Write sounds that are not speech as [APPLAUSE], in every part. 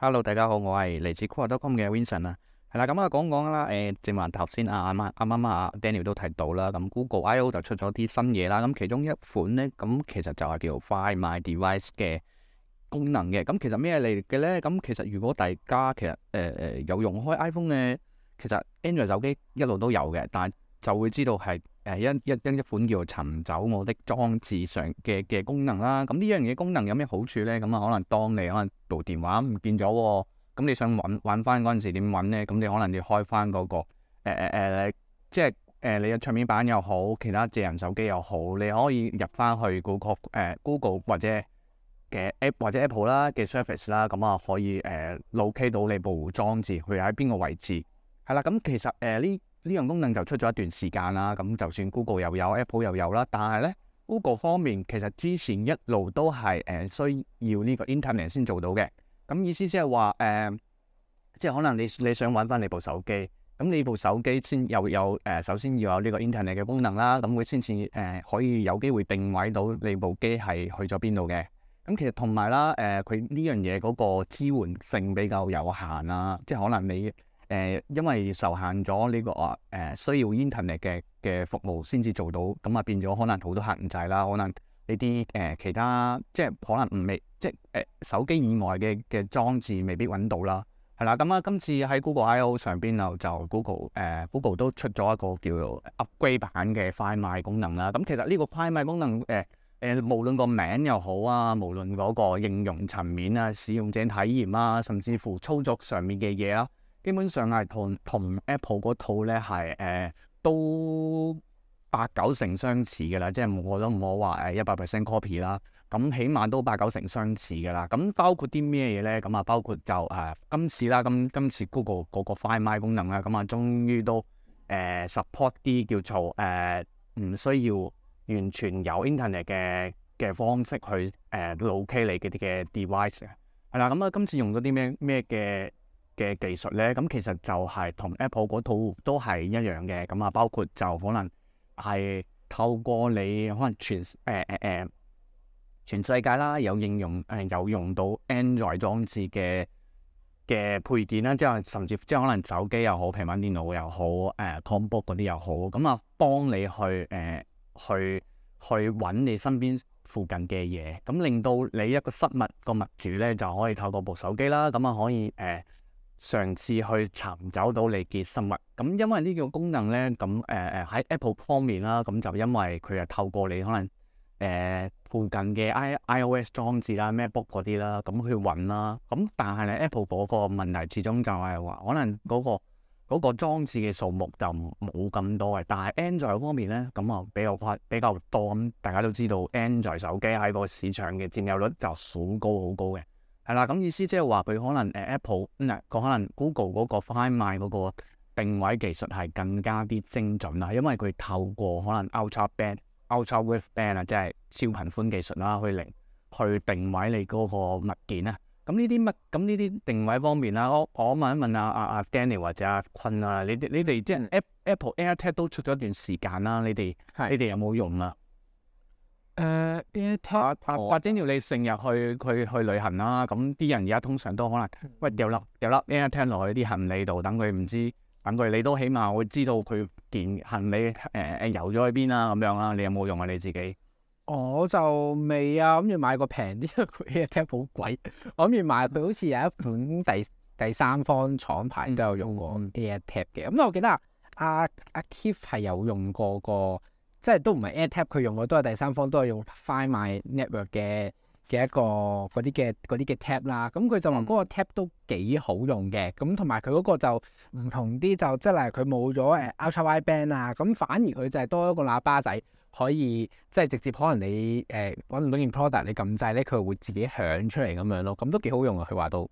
Hello，大家好，我係嚟自 q u a d l e c o m 嘅 Vincent、嗯呃、啊，係、啊啊嗯、啦，咁啊講講啦，誒，正話頭先啊啱啱啱啱 Daniel 都提到啦，咁 Google I/O 就出咗啲新嘢啦，咁其中一款咧，咁、嗯、其實就係叫做 Find My Device 嘅功能嘅，咁、嗯、其實咩嚟嘅咧？咁、嗯、其實如果大家其實誒誒、呃呃、有用開 iPhone 嘅，其實 Android 手機一路都有嘅，但係就會知道係。誒一一一一款叫做尋找我的裝置上嘅嘅功能啦，咁呢樣嘢功能有咩好處咧？咁啊，可能當你可能部電話唔見咗喎，哦，咁你想揾揾翻嗰陣時點揾咧？咁你可能要開翻嗰個誒誒即係誒你嘅桌面版又好，其他智能手機又好，你可以入翻去嗰 Go 個 Go，呃、Google 或者嘅 App 或者 Apple 啦嘅 Service 啦，咁啊可以誒 locate 到你部裝置佢喺邊個位置。係啦，咁、嗯、其實誒呢。呃呢樣功能就出咗一段時間啦，咁就算 Google 又有，Apple 又有啦，但係呢 Google 方面其實之前一路都係誒、呃、需要呢個 internet 先做到嘅，咁意思即係話誒，即係可能你你想揾翻你部手機，咁你部手機先又有誒、呃，首先要有呢個 internet 嘅功能啦，咁佢先至誒可以有機會定位到你部機係去咗邊度嘅，咁其實同埋啦誒，佢呢樣嘢嗰個支援性比較有限啊，即係可能你。誒，因為受限咗呢、這個誒、呃、需要 Internet 嘅嘅服務先至做到，咁啊變咗可能好多限制啦，可能呢啲誒其他即係可能唔未即誒、呃、手機以外嘅嘅裝置未必揾到啦。係啦，咁、嗯、啊今次喺 Google I/O 上邊啊、呃，就 Google 誒 Google 都出咗一個叫做 Upgrade 版嘅快賣功能啦。咁、嗯、其實呢個快賣功能誒誒、呃呃，無論個名又好啊，無論嗰個應用層面啊、使用者體驗啊，甚至乎操作上面嘅嘢啊。基本上係同同 Apple 嗰套咧係誒都八九成相似嘅啦，即係我都唔好話誒一百 percent copy 啦，咁起碼都八九成相似嘅啦。咁包括啲咩嘢咧？咁啊包括就誒、呃、今次啦，今次今次 Google 嗰個 Find My 功能啊，咁啊終於都誒、呃、support 啲叫做誒唔、呃、需要完全有 Internet 嘅嘅方式去誒 locate 你嗰啲嘅 device 嘅。係啦，咁、嗯、啊今次用咗啲咩咩嘅？嘅技術咧，咁其實就係同 Apple 嗰套都係一樣嘅，咁啊包括就可能係透過你可能全誒誒、呃呃、全世界啦，有應用誒、呃、有用到 Android 裝置嘅嘅配件啦，即係甚至即係可能手機又好，平板電腦又好，誒、呃、Combo 嗰啲又好，咁啊幫你去誒、呃、去去揾你身邊附近嘅嘢，咁令到你一個失物個物主咧就可以透過部手機啦，咁啊可以誒。呃上次去尋找到你嘅生物，咁因為呢個功能呢，咁誒誒、呃、喺 Apple 方面啦，咁就因為佢係透過你可能誒、呃、附近嘅 i iOS 裝置啦、MacBook 嗰啲啦，咁去揾啦。咁但係咧 Apple 嗰個問題始終就係話，可能嗰、嗰個嗰、嗰個、裝置嘅數目就冇咁多嘅。但係 Android 方面呢，咁啊比較快比較多。咁、嗯、大家都知道，Android 手機喺個市場嘅佔有率就好高好高嘅。係啦，咁意思即係話佢可能，Apple 唔、嗯、佢可能 Google 嗰個 Find My 嗰個定位技術係更加啲精準啦，因為佢透過可能 Ultra Band、Ultra Wave Band 啊，即係超頻寬技術啦，去零去定位你嗰個物件啊。咁呢啲乜，咁呢啲定位方面啦，我我問一問阿阿阿 Danny 或者阿、啊、坤啊，你你哋即係 Apple AirTag 都出咗一段時間啦，你哋的你哋有冇用啊？誒 AirTag，或者要你成日去佢去旅行啦、啊，咁啲人而家通常都可能，喂有粒，有粒 AirTag 落去啲行李度，等佢唔知，等佢你都起碼會知道佢件行李誒誒遊咗去邊啦，咁樣啦，你有冇用啊你自己？我就未啊，嗯、我諗住買個平啲 AirTag 好貴，我諗住買佢好似有一款第第三方廠牌都有用過 AirTag 嘅，咁、嗯嗯、我記得阿阿、啊啊、Keith 係有用過個。即係都唔係 AirTap，佢用嘅都係第三方，都係用 Find My Network 嘅嘅一個嗰啲嘅啲嘅 Tap 啦。咁佢就話嗰個 Tap 都幾好用嘅。咁同埋佢嗰個就唔同啲，就即係例如佢冇咗誒 Ultra Wide Band 啊，咁反而佢就係多一個喇叭仔，可以即係直接可能你誒揾唔到件 product，你撳掣咧佢會自己響出嚟咁樣咯。咁都幾好用對啊！佢話到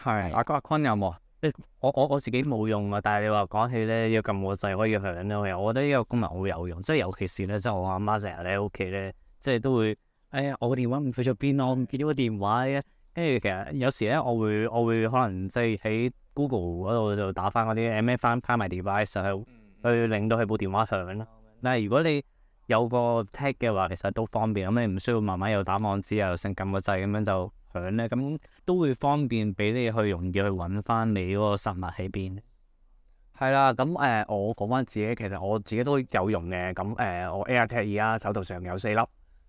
係阿坤有冇？欸、我我我自己冇用啊，但係你話講起咧，要撳個掣可以響咧，我又覺得呢個功能好有用。即係尤其是咧，即係我阿媽成日喺屋企咧，即係都會，哎呀，我，電我個電話唔去咗邊，我唔見到個電話嘅。因、欸、為其實有時咧，我會我會可能即係喺 Google 嗰度就打翻嗰啲，誒咩 Find My Device 去去令到佢部電話響咯。但係如果你有個 tag 嘅話，其實都方便，咁、嗯、你唔需要慢慢又打網址，又成撳個掣咁樣就。響咧，咁都會方便俾你去容易去揾翻你嗰個實物喺邊。係啦，咁誒、呃，我講翻自己，其實我自己都有用嘅。咁誒、呃，我 AirTag 而家手頭上有四粒。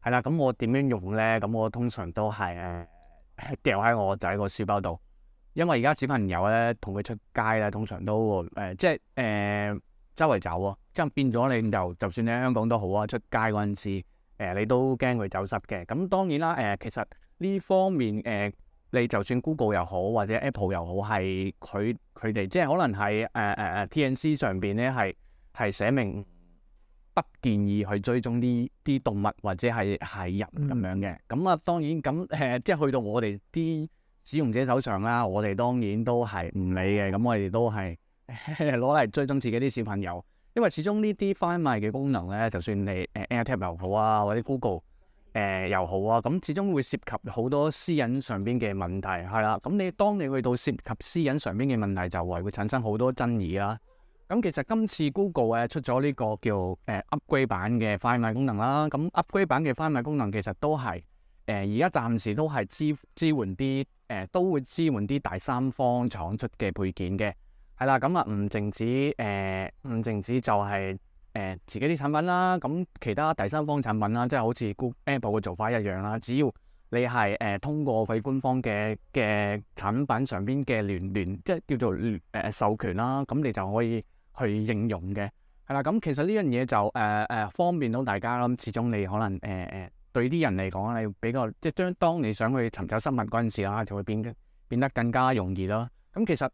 係啦，咁我點樣用咧？咁我通常都係誒掉喺我仔個書包度，因為而家小朋友咧同佢出街咧，通常都誒、呃、即係誒、呃、周圍走咯，即係變咗你就就算你喺香港都好啊，出街嗰陣時誒、呃、你都驚佢走失嘅。咁當然啦，誒、呃、其實。呢方面，誒、呃，你就算 Google 又好，或者 Apple 又好，係佢，佢哋，即係可能係誒誒、呃、誒 TNC 上邊咧，係係寫明不建議去追蹤呢啲動物或者係係人咁樣嘅。咁啊、嗯嗯，當然咁誒、呃，即係去到我哋啲使用者手上啦，我哋當然都係唔理嘅。咁我哋都係攞嚟追蹤自己啲小朋友，因為始終呢啲 find my 嘅功能咧，就算你誒、呃、AirTag 又好啊，或者 Google。誒、呃、又好啊，咁始終會涉及好多私隱上邊嘅問題，係啦。咁你當你去到涉及私隱上邊嘅問題，就係會產生好多爭議啦。咁其實今次 Google 誒出咗呢個叫誒、呃、Upgrade 版嘅 Find My 功能啦，咁、呃、Upgrade 版嘅 Find My 功能其實都係誒而家暫時都係支支援啲誒、呃，都會支援啲第三方廠出嘅配件嘅，係、呃、啦。咁啊唔淨止誒，唔、呃、淨止，止就係、是。誒、呃，自己啲產品啦，咁、嗯、其他第三方產品啦，即係好似 Google 嘅做法一樣啦。只要你係誒、呃、通過佢官方嘅嘅產品上邊嘅聯聯，即係叫做誒、呃、授權啦，咁、嗯、你就可以去應用嘅。係啦，咁、嗯、其實呢樣嘢就誒誒、呃呃、方便到大家啦。咁始終你可能誒誒、呃呃、對啲人嚟講，你比較即係將當你想去尋找新物嗰陣時啦，就會變變得更加容易啦。咁、嗯、其實。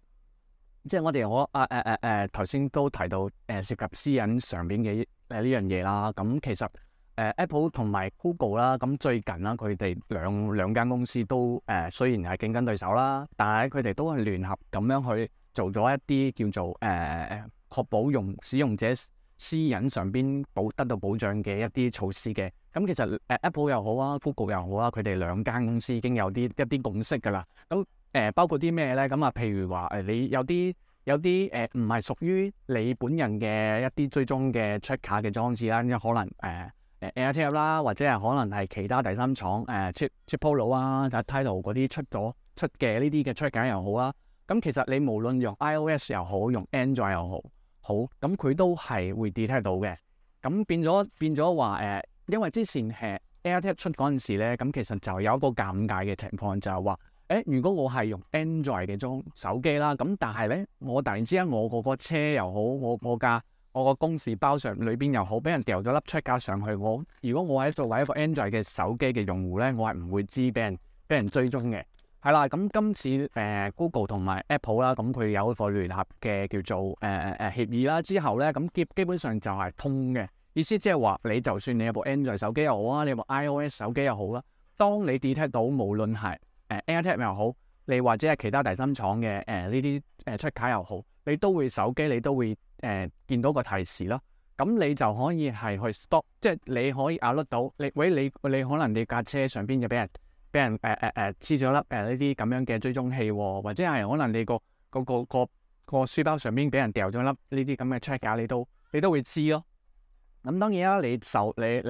即係我哋我啊誒誒誒頭先都提到誒、啊、涉及私隱上邊嘅誒呢樣嘢啦，咁、啊、其實誒、啊、Apple 同埋 Google 啦、啊，咁、嗯、最近啦，佢、啊、哋兩兩間公司都誒、啊、雖然係競爭對手啦，但係佢哋都係聯合咁樣去做咗一啲叫做誒、啊、確保用使用者私隱上邊保得到保障嘅一啲措施嘅。咁、啊嗯、其實誒 Apple 又好啊，Google 又好啊，佢哋、啊、兩間公司已經有啲一啲共識㗎喇。咁、啊嗯誒包括啲咩咧？咁、嗯、啊，譬如話誒，你有啲有啲誒，唔、呃、係屬於你本人嘅一啲追蹤嘅 tracker、er、嘅裝置啦，咁可能誒誒、呃、AirTag 啦，或者係可能係其他第三廠誒、呃、Chip Chipolo 啊、Tile 嗰啲出咗出嘅呢啲嘅 tracker、er、又好啦。咁、嗯、其實你無論用 iOS 又好，用 Android 又好，好咁佢、嗯、都係會 detect 到嘅。咁、嗯、變咗變咗話誒，因為之前係、呃、AirTag 出嗰陣時咧，咁、嗯、其實就有一個尷尬嘅情況，就係、是、話。誒，如果我係用 Android 嘅裝手機啦，咁但係咧，我突然之間我個個車又好，我我架我個公事包上裏邊又好，俾人掉咗粒 tracker 上去，我如果我喺作為一個 Android 嘅手機嘅用戶咧，我係唔會知俾人俾人追蹤嘅。係、嗯、啦，咁、就、今、是、次誒、呃、Google 同埋 Apple 啦、啊，咁佢有一個聯合嘅叫做誒誒、呃啊、協議啦，之後咧，咁、啊、基基本上就係通嘅意思，即係話你就算你有部 Android 手機又好啊，你有部 iOS 手機又好啦，當你 detect 到無論係，誒、uh,，AirTag 又好，你或者係其他第三廠嘅誒呢啲誒出卡又好，你都會手機，你都會誒、uh, 見到個提示咯。咁、嗯、你就可以係去 stop，即係你可以 o 咬得到。你喂你你可能你架車上邊就俾人俾人誒誒誒黐咗粒誒呢啲咁樣嘅追蹤器，或者係可能你個嗰個個個,個書包上邊俾人掉咗粒呢啲咁嘅 check 卡，you, 你都你都會知咯。咁、嗯、當然啦，你受你你誒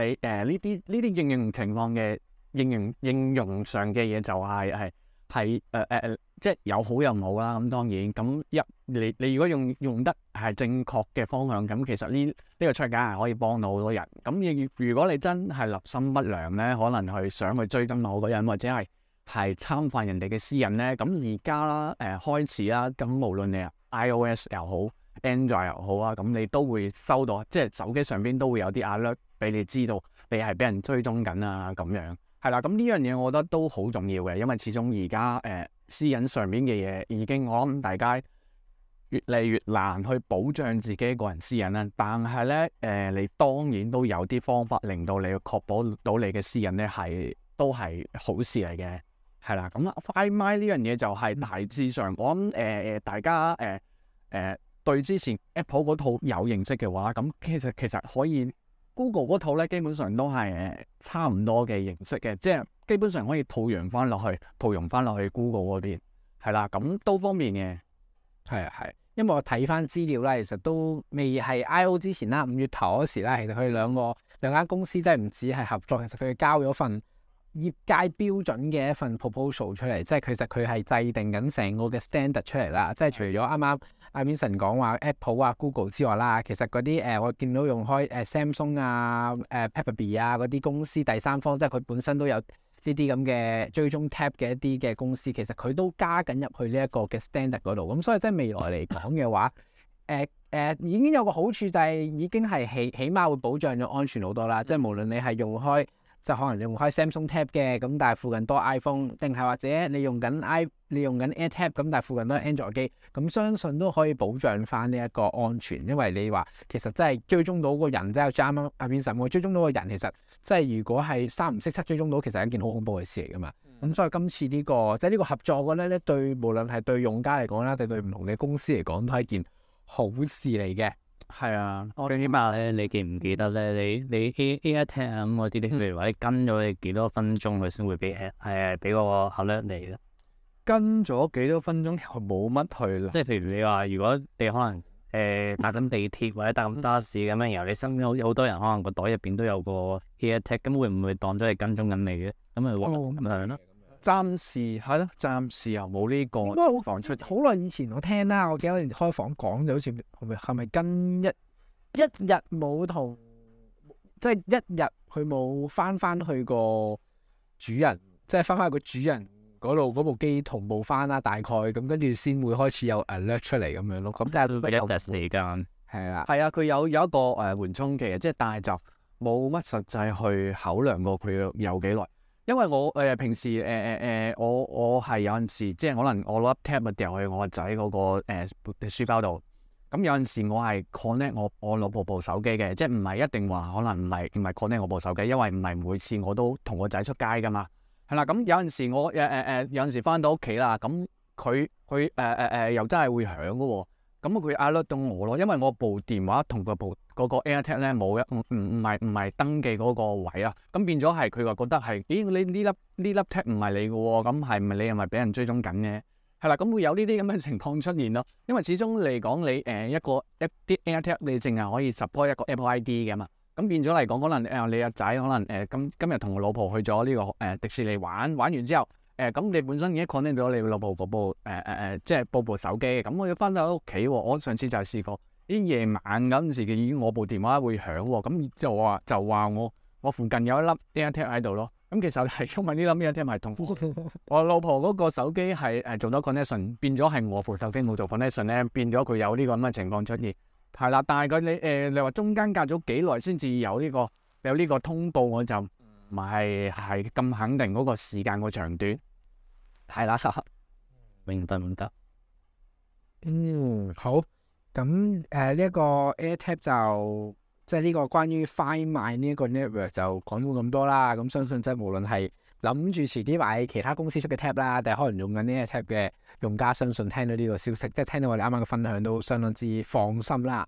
呢啲呢啲應用情況嘅。應用應用上嘅嘢就係係係誒誒誒，即係有好又唔好啦。咁當然咁一你你如果用用得係正確嘅方向，咁其實呢呢個 tracker 係可以幫到好多人。咁亦如果你真係立心不良咧，可能係想去追蹤某個人，或者係係侵犯人哋嘅私隱咧。咁而家啦誒開始啦，咁無論你 iOS 又好，Android 又好啊，咁你都會收到，即係手機上邊都會有啲 alert 俾你知道你係俾人追蹤緊啊咁樣。係啦，咁呢樣嘢我覺得都好重要嘅，因為始終而家誒私隱上面嘅嘢已經我諗大家越嚟越難去保障自己個人私隱啦。但係咧誒，你當然都有啲方法令到你確保到你嘅私隱咧係都係好事嚟嘅。係啦，咁啦 Find My 呢樣嘢就係大致上我諗誒誒大家誒誒、呃呃、對之前 Apple 嗰套有認識嘅話，咁其實其實可以。Google 嗰套咧，基本上都係誒差唔多嘅形式嘅，即係基本上可以套用翻落去，套用翻落去 Google 嗰邊，係啦，咁都方便嘅。係啊，係，因為我睇翻資料啦，其實都未係 I O 之前啦，五月頭嗰時啦，其實佢哋兩個兩間公司即係唔止係合作，其實佢哋交咗份業界標準嘅一份 proposal 出嚟，即係其實佢係制定緊成個嘅 standard 出嚟啦。即係除咗啱啱阿 Vincent 講話 Apple 啊、Google 之外啦，其實嗰啲誒我見到用開誒 Samsung 啊、誒 Pepperbee 啊嗰啲公司第三方，即係佢本身都有呢啲咁嘅追蹤 tap 嘅一啲嘅公司，其實佢都加緊入去呢一個嘅 standard 嗰度。咁所以即係未來嚟講嘅話，誒誒、 [LAUGHS] 呃呃、已經有個好處就係已經係起起碼會保障咗安全好多啦。即係無論你係用開。即係可能你用開 Samsung Tab 嘅，咁但係附近多 iPhone，定係或者你用緊 i 你用緊 AirTab，咁但係附近都係 Android 機，咁、嗯、相信都可以保障翻呢一個安全，因為你話其實真係追蹤到個人，即係 Jam 啊 Vinson，我追蹤到個人，其實即係如果係三唔識七追蹤到，其實係一件好恐怖嘅事嚟㗎嘛。咁、嗯、所以今次呢、這個即係呢個合作嘅咧，對無論係對用家嚟講啦，定對唔同嘅公司嚟講，都係一件好事嚟嘅。係啊，我哋起碼咧，你記唔記得咧？你你 AirTag 啊咁嗰啲咧，譬如話你跟咗你幾多分鐘，佢先會俾 h e a 俾個吓略你咧。跟咗幾多分鐘，其實冇乜去啦。即係譬如你話，如果你可能誒搭緊地鐵或者搭緊巴 [LAUGHS] 士咁樣，然後你身邊好似好多人，可能個袋入邊都有個 AirTag，咁會唔會當咗你跟蹤緊你嘅？咁咪屈咁樣咯。哦暫時係咯，暫、嗯、時又冇呢個放麼出。好耐以前我聽啦，我記得開房講就好似係咪係咪跟一一日冇同，即係一日佢冇翻翻去個主人，即係翻翻去個主人嗰度嗰部機同步翻啦，大概咁跟住先會開始有誒 alert 出嚟咁樣咯。咁但係佢有時間係啊，係啊，佢有有一個誒緩衝期啊，即係大係冇乜實際去考量過佢有幾耐。因為我誒、欸、平時誒誒誒我我係有陣時，即係可能我攞個 Tag 咪掉去我個仔嗰個誒書包度。咁有陣時我係 connect 我我老婆部手機嘅，即係唔係一定話可能唔係唔係 connect 我部手機，因為唔係每次我都同個仔出街噶嘛。係啦，咁有陣時我誒誒誒有陣時返到屋企啦，咁佢佢誒誒誒又真係會響噶喎。咁佢 alert 到我咯，因為我部電話同、那個部嗰個 AirTag 咧冇一唔唔唔係唔係登記嗰個位啊，咁變咗係佢話覺得係，咦你呢粒呢粒 tag 唔係你嘅喎、哦，咁係唔係你係咪俾人追蹤緊嘅？係啦，咁會有呢啲咁嘅情況出現咯，因為始終嚟講你誒、呃、一個一啲 AirTag 你淨係可以 support 一個 Apple ID 嘅嘛，咁變咗嚟講可能誒、呃、你阿仔可能誒、呃、今今日同個老婆去咗呢、這個誒、呃、迪士尼玩，玩完之後。誒，咁、呃、你本身已經 connect 到你老婆部誒誒誒，即係部部手機，咁我要返到屋企，我上次就試過，啲夜晚咁時嘅，已經我部電話會響，咁、嗯、就，就我話就話我我附近有一粒 AirTag 喺度咯，咁、嗯、其實係因為呢粒 AirTag 係同我老婆嗰個手機係誒做咗 connection，變咗係我部手機冇做 connection 咧，變咗佢有呢個咁嘅情況出現，係、嗯、啦、嗯，但係佢你誒、呃，你話中間隔咗幾耐先至有呢、這個有呢個通報，我就。同埋係咁肯定嗰個時間個長短，係啦， [LAUGHS] 明白明白。嗯，好。咁誒呢一個 AirTag 就即係呢個關於 Find My 呢一個 network 就講到咁多啦。咁相信即係無論係諗住遲啲買其他公司出嘅 tag 啦，定係可能用緊呢一個 tag 嘅用家，相信聽到呢個消息，即係聽到我哋啱啱嘅分享都相當之放心啦。